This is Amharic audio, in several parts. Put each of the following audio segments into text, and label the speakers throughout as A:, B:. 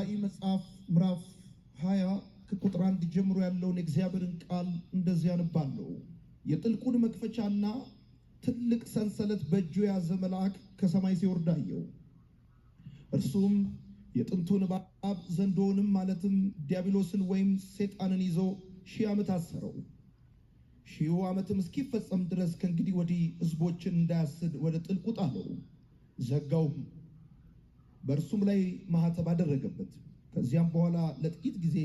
A: ራእይ መጽሐፍ ምዕራፍ 20 ከቁጥር አንድ ጀምሮ ያለውን የእግዚአብሔርን ቃል እንደዚህ ያነባለው። የጥልቁን መክፈቻና ትልቅ ሰንሰለት በእጁ የያዘ መልአክ ከሰማይ ሲወርድ አየሁ። እርሱም የጥንቱን እባብ ዘንዶውንም ማለትም ዲያብሎስን ወይም ሰይጣንን ይዞ ሺህ ዓመት አሰረው። ሺሁ ዓመትም እስኪፈጸም ድረስ ከእንግዲህ ወዲህ ሕዝቦችን እንዳያስድ ወደ ጥልቁ ጣለው፣ ዘጋውም። በእርሱም ላይ ማህተብ አደረገበት። ከዚያም በኋላ ለጥቂት ጊዜ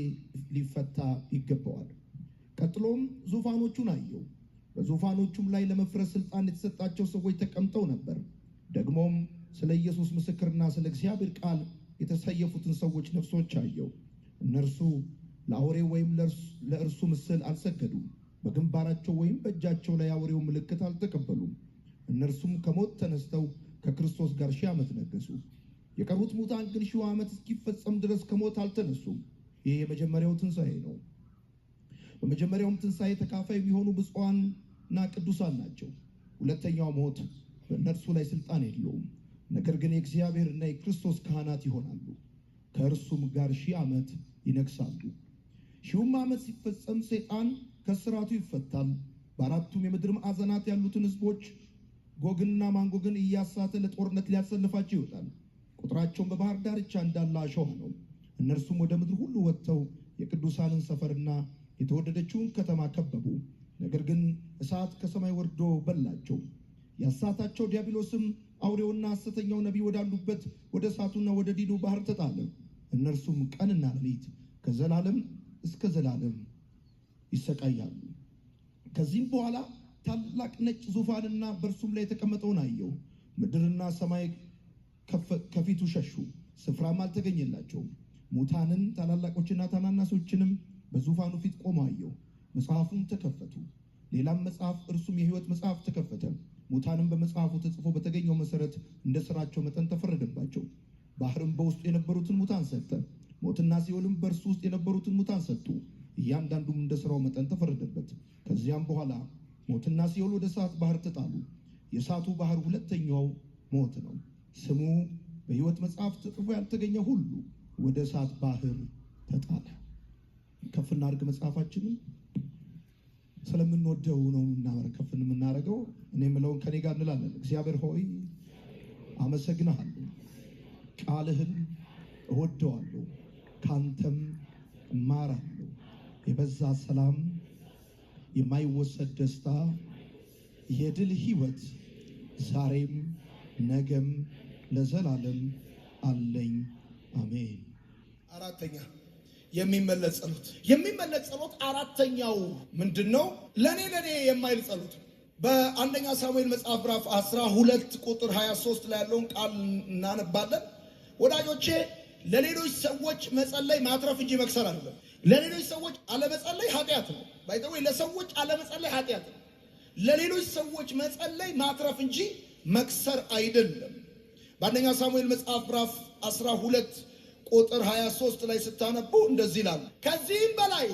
A: ሊፈታ ይገባዋል። ቀጥሎም ዙፋኖቹን አየው። በዙፋኖቹም ላይ ለመፍረስ ስልጣን የተሰጣቸው ሰዎች ተቀምጠው ነበር። ደግሞም ስለ ኢየሱስ ምስክርና ስለ እግዚአብሔር ቃል የተሰየፉትን ሰዎች ነፍሶች አየው። እነርሱ ለአውሬው ወይም ለእርሱ ምስል አልሰገዱም፣ በግንባራቸው ወይም በእጃቸው ላይ አውሬው ምልክት አልተቀበሉም። እነርሱም ከሞት ተነስተው ከክርስቶስ ጋር ሺህ ዓመት ነገሱ። የቀሩት ሙታን ግን ሺው ዓመት እስኪፈጸም ድረስ ከሞት አልተነሱም። ይህ የመጀመሪያው ትንሣኤ ነው። በመጀመሪያውም ትንሣኤ ተካፋይ የሚሆኑ ብፁዓንና ቅዱሳን ናቸው። ሁለተኛው ሞት በእነርሱ ላይ ስልጣን የለውም። ነገር ግን የእግዚአብሔርና የክርስቶስ ካህናት ይሆናሉ፣ ከእርሱም ጋር ሺህ ዓመት ይነግሳሉ። ሺውም ዓመት ሲፈጸም ሰይጣን ከስራቱ ይፈታል። በአራቱም የምድር ማዕዘናት ያሉትን ህዝቦች ጎግንና ማንጎግን እያሳተ ለጦርነት ሊያሰልፋቸው ይወጣል። ቁጥራቸውን በባህር ዳርቻ እንዳለ አሸዋ ነው። እነርሱም ወደ ምድር ሁሉ ወጥተው የቅዱሳንን ሰፈርና የተወደደችውን ከተማ ከበቡ። ነገር ግን እሳት ከሰማይ ወርዶ በላቸው። ያሳታቸው ዲያብሎስም አውሬውና ሐሰተኛው ነቢይ ወዳሉበት ወደ እሳቱና ወደ ዲኑ ባህር ተጣለ። እነርሱም ቀንና ሌሊት ከዘላለም እስከ ዘላለም ይሰቃያሉ። ከዚህም በኋላ ታላቅ ነጭ ዙፋንና በእርሱም ላይ የተቀመጠውን አየሁ። ምድርና ሰማይ ከፊቱ ሸሹ፣ ስፍራም አልተገኘላቸውም። ሙታንን ታላላቆችና ታናናሶችንም በዙፋኑ ፊት ቆመው አየሁ። መጽሐፉም ተከፈቱ። ሌላም መጽሐፍ እርሱም የሕይወት መጽሐፍ ተከፈተ። ሙታንም በመጽሐፉ ተጽፎ በተገኘው መሰረት እንደ ስራቸው መጠን ተፈረደባቸው። ባህርም በውስጡ የነበሩትን ሙታን ሰጠ። ሞትና ሲኦልም በእርሱ ውስጥ የነበሩትን ሙታን ሰጡ። እያንዳንዱም እንደ ስራው መጠን ተፈረደበት። ከዚያም በኋላ ሞትና ሲኦል ወደ እሳት ባህር ተጣሉ። የእሳቱ ባህር ሁለተኛው ሞት ነው። ስሙ በሕይወት መጽሐፍ ተጽፎ ያልተገኘ ሁሉ ወደ እሳት ባህር ተጣለ። ከፍና አድርግ መጽሐፋችንን ስለምንወደው ነው የምናረ ከፍን የምናደርገው። እኔ የምለውን ከኔ ጋር እንላለን። እግዚአብሔር ሆይ አመሰግናሃለሁ፣ ቃልህን እወደዋለሁ፣ ካንተም እማራለሁ። የበዛ ሰላም፣ የማይወሰድ ደስታ፣ የድል ህይወት ዛሬም ነገም ለዘላለም አለኝ። አሜን።
B: አራተኛ የሚመለስ ጸሎት የሚመለስ ጸሎት አራተኛው ምንድን ነው? ለእኔ ለእኔ የማይል ጸሎት በአንደኛ ሳሙኤል መጽሐፍ ምዕራፍ 12 ቁጥር 23 ላይ ያለውን ቃል እናነባለን። ወዳጆቼ ለሌሎች ሰዎች መጸለይ ማትረፍ እንጂ መክሰር አይደለም። ለሌሎች ሰዎች አለመጸለይ ኃጢአት ነው። ባይተወይ ለሰዎች አለመጸለይ ኃጢአት ነው። ለሌሎች ሰዎች መጸለይ ማትረፍ እንጂ መክሰር አይደለም። በአንደኛ ሳሙኤል መጽሐፍ ምዕራፍ 12 ቁጥር 23 ላይ ስታነቡ እንደዚህ ይላል፣ ከዚህም በላይ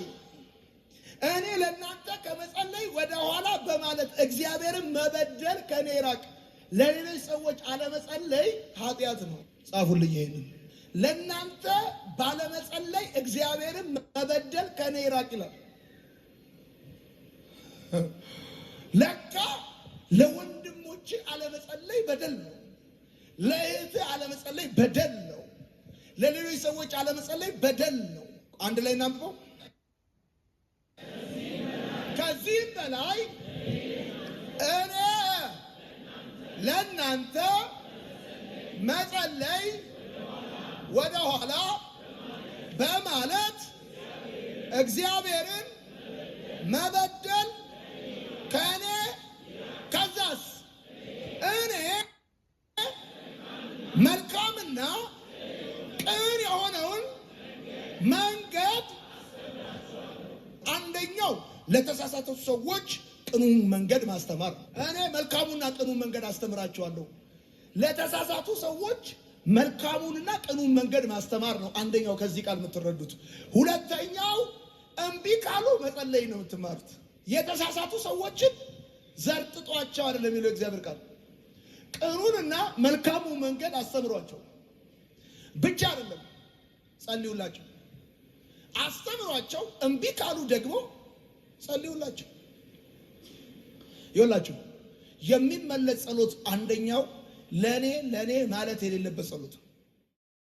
B: እኔ ለእናንተ ከመጸለይ ኋላ በማለት እግዚአብሔርን መበደል ከእኔ ይራቅ። ለሌሎች ሰዎች አለመጸለይ ኃጢአት ነው። ጻፉልኝ ይሄንን። ለእናንተ ባለመጸለይ እግዚአብሔርን መበደል ከእኔ ይራቅ ይላል። ለካ ለወንድሞች አለመጸለይ በደል ነው። ለእህትህ አለመጸለይ በደል ነው። ለሌሎች ሰዎች አለመጸለይ በደል ነው። አንድ ላይ እናንብበው። ከዚህም በላይ እኔ ለእናንተ መጸለይ ወደ ኋላ በማለት እግዚአብሔርን መበ መልካምና ቅን የሆነውን መንገድ አንደኛው ለተሳሳቱ ሰዎች ቅኑን መንገድ ማስተማር። እኔ መልካሙና ቅኑን መንገድ አስተምራቸዋለሁ። ለተሳሳቱ ሰዎች መልካሙንና ቅኑን መንገድ ማስተማር ነው አንደኛው ከዚህ ቃል የምትረዱት። ሁለተኛው እምቢ ካሉ መጸለይ ነው የምትማሩት። የተሳሳቱ ሰዎችን ዘርጥጧቸው አይደለም የሚለው እግዚአብሔር ቃል ጥሩንና መልካሙ መንገድ አስተምሯቸው ብቻ አይደለም፣ ጸልዩላቸው። አስተምሯቸው፣ እምቢ ካሉ ደግሞ ጸልዩላቸው። ይላቸው የሚመለስ ጸሎት አንደኛው ለእኔ ለእኔ ማለት የሌለበት ጸሎት